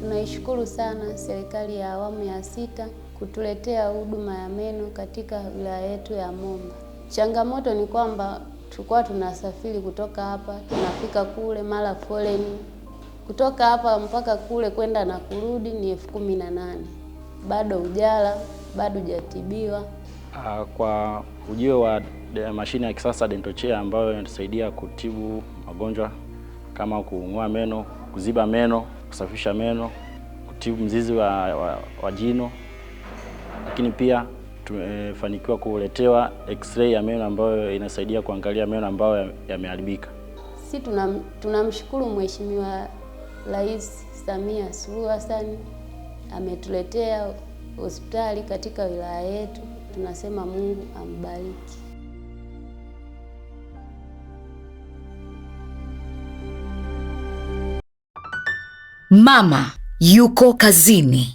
Tunaishukuru sana serikali ya awamu ya sita kutuletea huduma ya meno katika wilaya yetu ya Momba. Changamoto ni kwamba tulikuwa tunasafiri kutoka hapa tunafika kule, mara foleni kutoka hapa mpaka kule kwenda na kurudi ni elfu kumi na nane. Bado ujala bado hujatibiwa. Ah, kwa ujio wa mashine ya kisasa dental chair ambayo inatusaidia kutibu magonjwa kama kuung'oa meno, kuziba meno kusafisha meno, kutibu mzizi wa, wa, wa jino, lakini pia tumefanikiwa kuletewa x-ray ya meno ambayo inasaidia kuangalia meno ambayo yameharibika. Si tunamshukuru tuna Mheshimiwa Rais Samia Suluhu Hassan ametuletea hospitali katika wilaya yetu. Tunasema Mungu ambariki. Mama yuko kazini.